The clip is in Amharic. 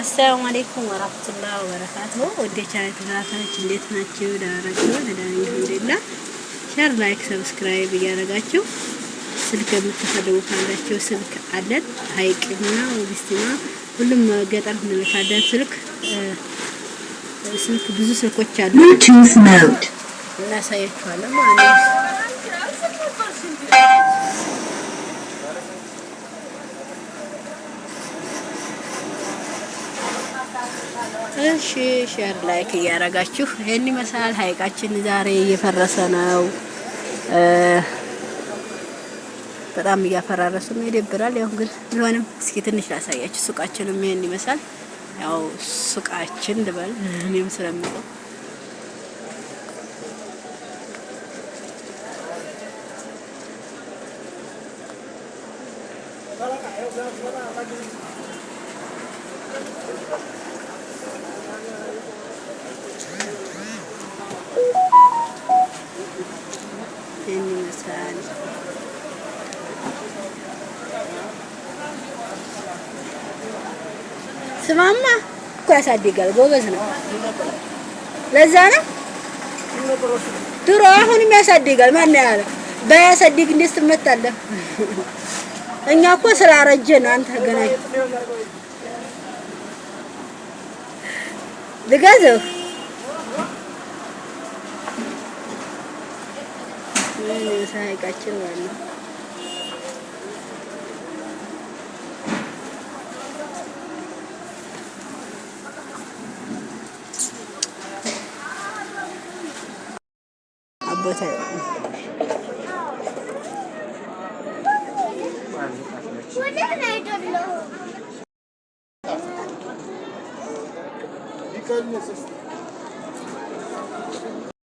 አሰላሙ አለይኩም ወራህመቱላሂ ወበረካቱሁ። ወደ ቻናል ተከታታዮች እንዴት ናችሁ? ዳራችሁ ለዳኒ ሁሌና ሼር፣ ላይክ፣ ሰብስክራይብ እያደረጋችሁ ስልክ የምትፈልጉ ካላችሁ ስልክ አለን። ሀይቅና ወግስቲና ሁሉም ገጠር እንልካለን። ስልክ ስልክ ብዙ ስልኮች አሉ። እናሳያችኋለን ማለት ነው። እሺ ሼር ላይክ እያረጋችሁ ይሄን ይመስላል። ሀይቃችን ዛሬ እየፈረሰ ነው። በጣም ነው። ይደብራል። ያው ግን ቢሆንም እስኪ ትንሽ ላሳያችሁ። ሱቃችንም ይሄን ይመስላል። ያው ሱቃችን ልበል እኔም ስለምለው ይህን ይመስላል። ስማማ እኮ ያሳድጋል። ጎበዝ ነው። ለዛ ነው ድሮ አሁንም ያሳድጋል። ማነው ያለ ባያሳድግ እንዴት ትመታለህ? እኛ እኮ ስላረጀ ነው። አንተ ገና The Ini saya kacau kan. Abah saya. Конечно.